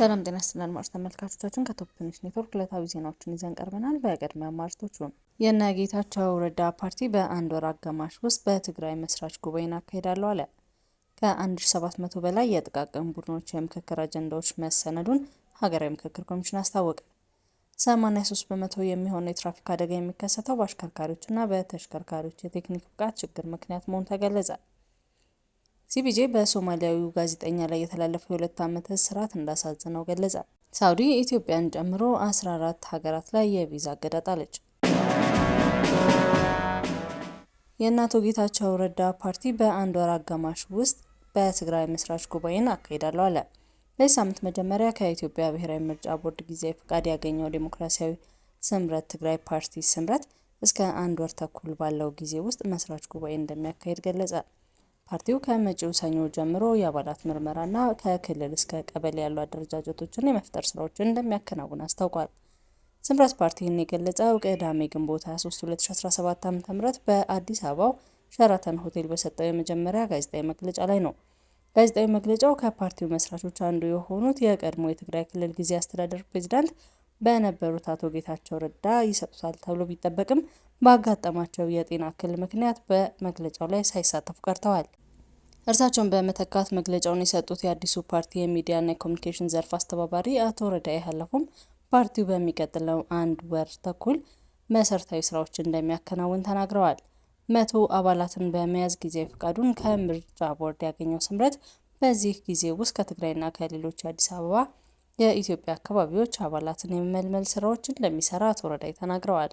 ሰላም ጤና ይስጥልን አድማጭ ተመልካቾቻችን፣ ከቶፕ ትንሽ ኔትወርክ ዕለታዊ ዜናዎችን ይዘን ቀርበናል። በቅድሚያ አርዕስቶቹ የእነ ጌታቸው ረዳ ፓርቲ በአንድ ወር አጋማሽ ውስጥ በትግራይ መስራች ጉባኤን አካሄዳለሁ አለ። ከ1700 በላይ የጥቃቅን ቡድኖች የምክክር አጀንዳዎች መሰነዱን ሀገራዊ ምክክር ኮሚሽን አስታወቀ። 83 በመቶ የሚሆነው የትራፊክ አደጋ የሚከሰተው በአሽከርካሪዎችና በተሽከርካሪዎች የቴክኒክ ብቃት ችግር ምክንያት መሆኑ ተገለጸ። ሲፒጄ በሶማሊያዊው ጋዜጠኛ ላይ የተላለፈው የሁለት ዓመት እስራት እንዳሳዘነው ገለጸ። ሳውዲ ኢትዮጵያን ጨምሮ 14 ሀገራት ላይ የቪዛ እገዳ ጣለች። የእነ አቶ ጌታቸው ረዳ ፓርቲ በአንድ ወር አጋማሽ ውስጥ በትግራይ መስራች ጉባኤን አካሄዳለሁ አለ። በዚህ ሳምንት መጀመሪያ ከኢትዮጵያ ብሔራዊ ምርጫ ቦርድ ጊዜ ፈቃድ ያገኘው ዴሞክራሲያዊ ስምረት ትግራይ ፓርቲ ስምረት እስከ አንድ ወር ተኩል ባለው ጊዜ ውስጥ መስራች ጉባኤ እንደሚያካሄድ ገለጸ። ፓርቲው ከመጪው ሰኞ ጀምሮ የአባላት ምርመራና ከክልል እስከ ቀበሌ ያሉ አደረጃጀቶችን የመፍጠር ስራዎችን እንደሚያከናውን አስታውቋል። ስምረት ፓርቲ ይህን የገለጸው ቅዳሜ ግንቦት 23 2017 ዓ.ም በአዲስ አበባው ሸራተን ሆቴል በሰጠው የመጀመሪያ ጋዜጣዊ መግለጫ ላይ ነው። ጋዜጣዊ መግለጫው ከፓርቲው መስራቾች አንዱ የሆኑት የቀድሞ የትግራይ ክልል ጊዜ አስተዳደር ፕሬዚዳንት በነበሩት አቶ ጌታቸው ረዳ ይሰጡታል ተብሎ ቢጠበቅም ባጋጠማቸው የጤና እክል ምክንያት በመግለጫው ላይ ሳይሳተፉ ቀርተዋል። እርሳቸውን በመተካት መግለጫውን የሰጡት የአዲሱ ፓርቲ የሚዲያና የኮሚኒኬሽን ዘርፍ አስተባባሪ አቶ ረዳ ሃለፎም ፓርቲው በሚቀጥለው አንድ ወር ተኩል መሰረታዊ ስራዎች እንደሚያከናውን ተናግረዋል። መቶ አባላትን በመያዝ ጊዜያዊ ፈቃዱን ከምርጫ ቦርድ ያገኘው ስምረት በዚህ ጊዜ ውስጥ ከትግራይና ከሌሎች የአዲስ አበባ የኢትዮጵያ አካባቢዎች አባላትን የመመልመል ስራዎችን እንደሚሰራ አቶ ረዳይ ተናግረዋል።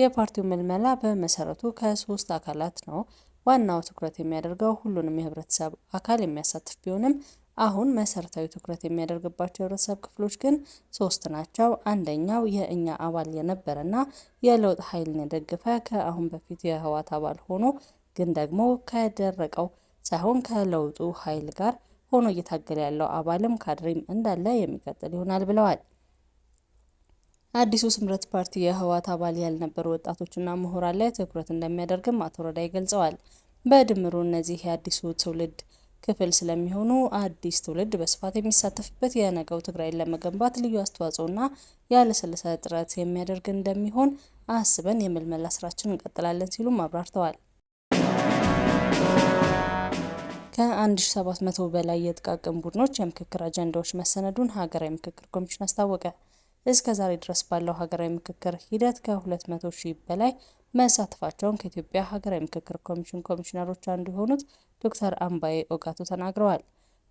የፓርቲው ምልመላ በመሰረቱ ከሶስት አካላት ነው። ዋናው ትኩረት የሚያደርገው ሁሉንም የህብረተሰብ አካል የሚያሳትፍ ቢሆንም አሁን መሰረታዊ ትኩረት የሚያደርግባቸው የህብረተሰብ ክፍሎች ግን ሶስት ናቸው። አንደኛው የእኛ አባል የነበረና የለውጥ ኃይልን የደገፈ ከአሁን በፊት የህወሓት አባል ሆኖ ግን ደግሞ ከደረቀው ሳይሆን ከለውጡ ኃይል ጋር ሆኖ እየታገለ ያለው አባልም ካድሬም እንዳለ የሚቀጥል ይሆናል ብለዋል። አዲሱ ስምረት ፓርቲ የህወሓት አባል ያልነበሩ ወጣቶችና ምሁራን ላይ ትኩረት እንደሚያደርግም አቶ ረዳይ ገልጸዋል። በድምሩ እነዚህ የአዲሱ ትውልድ ክፍል ስለሚሆኑ አዲስ ትውልድ በስፋት የሚሳተፍበት የነገው ትግራይን ለመገንባት ልዩ አስተዋጽኦና ያለሰለሰ ጥረት የሚያደርግ እንደሚሆን አስበን የምልመላ ስራችን እንቀጥላለን ሲሉም አብራርተዋል። ከ1700 በላይ የጥቃቅን ቡድኖች የምክክር አጀንዳዎች መሰነዱን ሀገራዊ ምክክር ኮሚሽን አስታወቀ። እስከ ዛሬ ድረስ ባለው ሀገራዊ ምክክር ሂደት ከ200 ሺህ በላይ መሳተፋቸውን ከኢትዮጵያ ሀገራዊ ምክክር ኮሚሽን ኮሚሽነሮች አንዱ የሆኑት ዶክተር አምባዬ ኦጋቱ ተናግረዋል።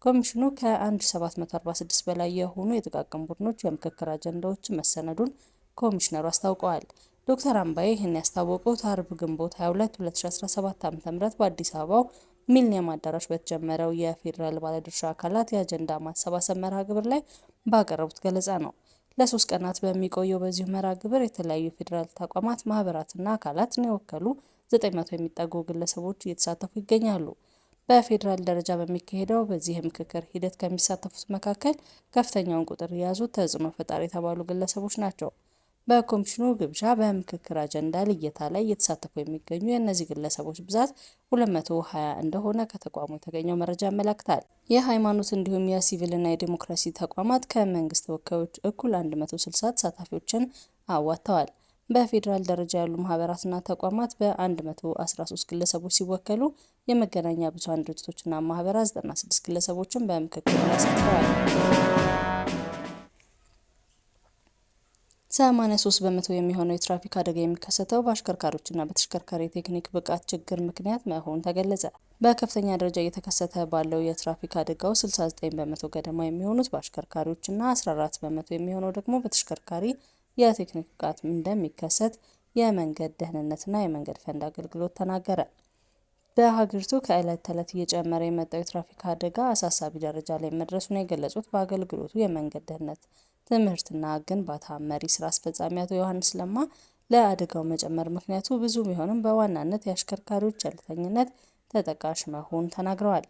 ኮሚሽኑ ከ1746 በላይ የሆኑ የጥቃቅን ቡድኖች የምክክር አጀንዳዎች መሰነዱን ኮሚሽነሩ አስታውቀዋል። ዶክተር አምባዬ ይህን ያስታወቁት አርብ ግንቦት 22 2017 ዓ.ም በአዲስ አበባው ሚሊኒየም አዳራሽ በተጀመረው የፌዴራል ባለድርሻ አካላት የአጀንዳ ማሰባሰብ መርሃ ግብር ላይ ባቀረቡት ገለጻ ነው። ለሶስት ቀናት በሚቆየው በዚሁ መርሃ ግብር የተለያዩ የፌዴራል ተቋማት ማህበራትና አካላትን የወከሉ 900 የሚጠጉ ግለሰቦች እየተሳተፉ ይገኛሉ። በፌዴራል ደረጃ በሚካሄደው በዚህ ምክክር ሂደት ከሚሳተፉት መካከል ከፍተኛውን ቁጥር የያዙ ተጽዕኖ ፈጣሪ የተባሉ ግለሰቦች ናቸው። በኮሚሽኑ ግብዣ በምክክር አጀንዳ ልየታ ላይ እየተሳተፉ የሚገኙ የእነዚህ ግለሰቦች ብዛት 220 እንደሆነ ከተቋሙ የተገኘው መረጃ ያመላክታል። የሃይማኖት እንዲሁም የሲቪልና የዲሞክራሲ ተቋማት ከመንግስት ተወካዮች እኩል 160 ተሳታፊዎችን አዋጥተዋል። በፌዴራል ደረጃ ያሉ ማህበራትና ተቋማት በ113 ግለሰቦች ሲወከሉ የመገናኛ ብዙሃን ድርጅቶችና ማህበራት 96 ግለሰቦችን በምክክር ላይ አሳትፈዋል። 83 በመቶ የሚሆነው የትራፊክ አደጋ የሚከሰተው በአሽከርካሪዎችና በተሽከርካሪ የቴክኒክ ብቃት ችግር ምክንያት መሆን ተገለጸ። በከፍተኛ ደረጃ እየተከሰተ ባለው የትራፊክ አደጋው 69 በመቶ ገደማ የሚሆኑት በአሽከርካሪዎችና 14 በመቶ የሚሆነው ደግሞ በተሽከርካሪ የቴክኒክ ብቃት እንደሚከሰት የመንገድ ደህንነትና የመንገድ ፈንድ አገልግሎት ተናገረ። በሀገሪቱ ከእለት ተዕለት እየጨመረ የመጣው የትራፊክ አደጋ አሳሳቢ ደረጃ ላይ መድረሱን የገለጹት በአገልግሎቱ የመንገድ ደህንነት ትምህርትና ግንባታ መሪ ስራ አስፈጻሚ አቶ ዮሐንስ ለማ ለአደጋው መጨመር ምክንያቱ ብዙ ቢሆንም በዋናነት የአሽከርካሪዎች ቸልተኝነት ተጠቃሽ መሆን ተናግረዋል።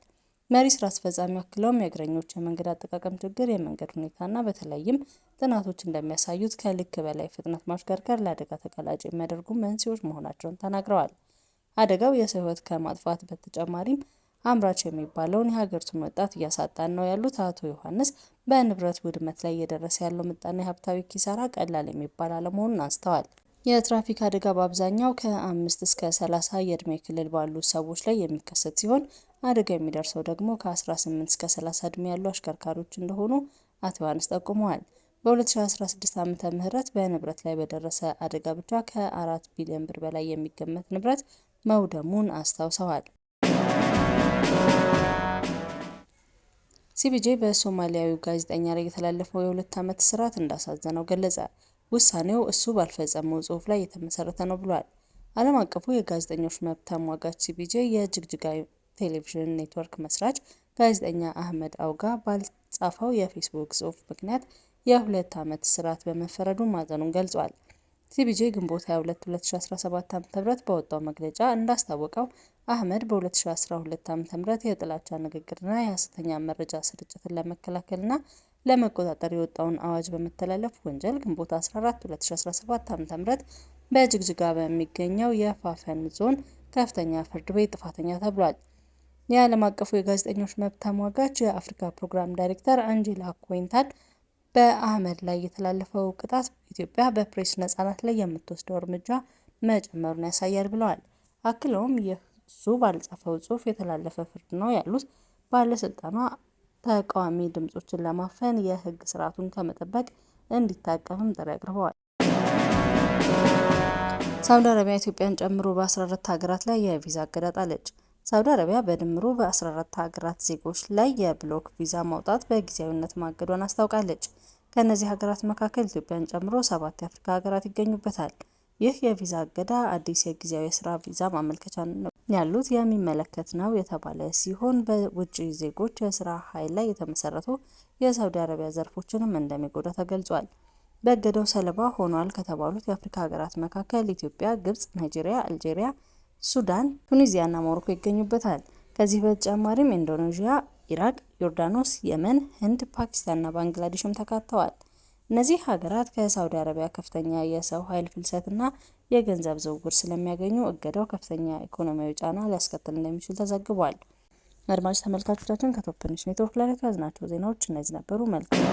መሪ ስራ አስፈጻሚ አክለውም የእግረኞች የመንገድ አጠቃቀም ችግር፣ የመንገድ ሁኔታና በተለይም ጥናቶች እንደሚያሳዩት ከልክ በላይ ፍጥነት ማሽከርከር ለአደጋ ተጋላጭ የሚያደርጉ መንስኤዎች መሆናቸውን ተናግረዋል። አደጋው የሰው ከማጥፋት በተጨማሪም አምራች የሚባለውን የሀገሪቱን ወጣት እያሳጣን ነው ያሉት አቶ ዮሐንስ በንብረት ውድመት ላይ እየደረሰ ያለው ምጣኔ ሀብታዊ ኪሳራ ቀላል የሚባል አለመሆኑን አንስተዋል። የትራፊክ አደጋ በአብዛኛው ከአምስት እስከ ሰላሳ የእድሜ ክልል ባሉ ሰዎች ላይ የሚከሰት ሲሆን አደጋ የሚደርሰው ደግሞ ከ18 እስከ 30 እድሜ ያሉ አሽከርካሪዎች እንደሆኑ አቶ ዮሐንስ ጠቁመዋል። በ2016 ዓ ም በንብረት ላይ በደረሰ አደጋ ብቻ ከ4 ቢሊዮን ብር በላይ የሚገመት ንብረት መውደሙን አስታውሰዋል። ሲቢጄ በሶማሊያዊው ጋዜጠኛ ላይ የተላለፈው የሁለት ዓመት እስራት እንዳሳዘነው ገለጸ። ውሳኔው እሱ ባልፈጸመው ጽሑፍ ላይ የተመሰረተ ነው ብሏል። ዓለም አቀፉ የጋዜጠኞች መብት ተሟጋች ሲቢጄ የጅግጅጋ ቴሌቪዥን ኔትወርክ መስራች ጋዜጠኛ አህመድ አውጋ ባልጻፈው የፌስቡክ ጽሑፍ ምክንያት የሁለት ዓመት እስራት በመፈረዱ ማዘኑን ገልጿል። ሲቢጂ ግንቦት 22 2017 ዓ.ም በወጣው መግለጫ እንዳስታወቀው አህመድ በ2012 ዓ.ም የጥላቻ ንግግርና የሐሰተኛ መረጃ ስርጭትን ለመከላከልና ለመቆጣጠር የወጣውን አዋጅ በመተላለፍ ወንጀል ግንቦት 14 2017 ዓ.ም በጅግጅጋ በሚገኘው የፋፈን ዞን ከፍተኛ ፍርድ ቤት ጥፋተኛ ተብሏል። የዓለም አቀፉ የጋዜጠኞች መብት ተሟጋች የአፍሪካ ፕሮግራም ዳይሬክተር አንጄላ ኮይንታል በአህመድ ላይ የተላለፈው ቅጣት ኢትዮጵያ በፕሬስ ነጻነት ላይ የምትወስደው እርምጃ መጨመሩን ያሳያል ብለዋል። አክለውም የሱ ባልጻፈው ጽሑፍ የተላለፈ ፍርድ ነው ያሉት ባለስልጣኗ ተቃዋሚ ድምጾችን ለማፈን የህግ ስርዓቱን ከመጠበቅ እንዲታቀፍም ጥሪ አቅርበዋል። ሳውዲ አረቢያ ኢትዮጵያን ጨምሮ በ14 ሀገራት ላይ የቪዛ እገዳ ጣለች። ሳውዲ አረቢያ በድምሩ በ14 ሀገራት ዜጎች ላይ የብሎክ ቪዛ ማውጣት በጊዜያዊነት ማገዷን አስታውቃለች። ከእነዚህ ሀገራት መካከል ኢትዮጵያን ጨምሮ ሰባት የአፍሪካ ሀገራት ይገኙበታል። ይህ የቪዛ እገዳ አዲስ የጊዜያዊ የስራ ቪዛ ማመልከቻ ነው ያሉት የሚመለከት ነው የተባለ ሲሆን በውጭ ዜጎች የስራ ኃይል ላይ የተመሰረቱ የሳውዲ አረቢያ ዘርፎችንም እንደሚጎዳ ተገልጿል። በእገዳው ሰለባ ሆኗል ከተባሉት የአፍሪካ ሀገራት መካከል ኢትዮጵያ፣ ግብጽ፣ ናይጄሪያ፣ አልጄሪያ፣ ሱዳን፣ ቱኒዚያ እና ሞሮኮ ይገኙበታል። ከዚህ በተጨማሪም ኢንዶኔዥያ፣ ኢራቅ፣ ዮርዳኖስ፣ የመን፣ ህንድ፣ ፓኪስታንና ባንግላዴሽም ተካተዋል። እነዚህ ሀገራት ከሳውዲ አረቢያ ከፍተኛ የሰው ኃይል ፍልሰትና የገንዘብ ዝውውር ስለሚያገኙ እገዳው ከፍተኛ ኢኮኖሚያዊ ጫና ሊያስከትል እንደሚችል ተዘግቧል። አድማጭ ተመልካቾቻችን ከቶፕንሽ ኔትወርክ ላይ የተያዝናቸው ዜናዎች እነዚህ ነበሩ። መልካም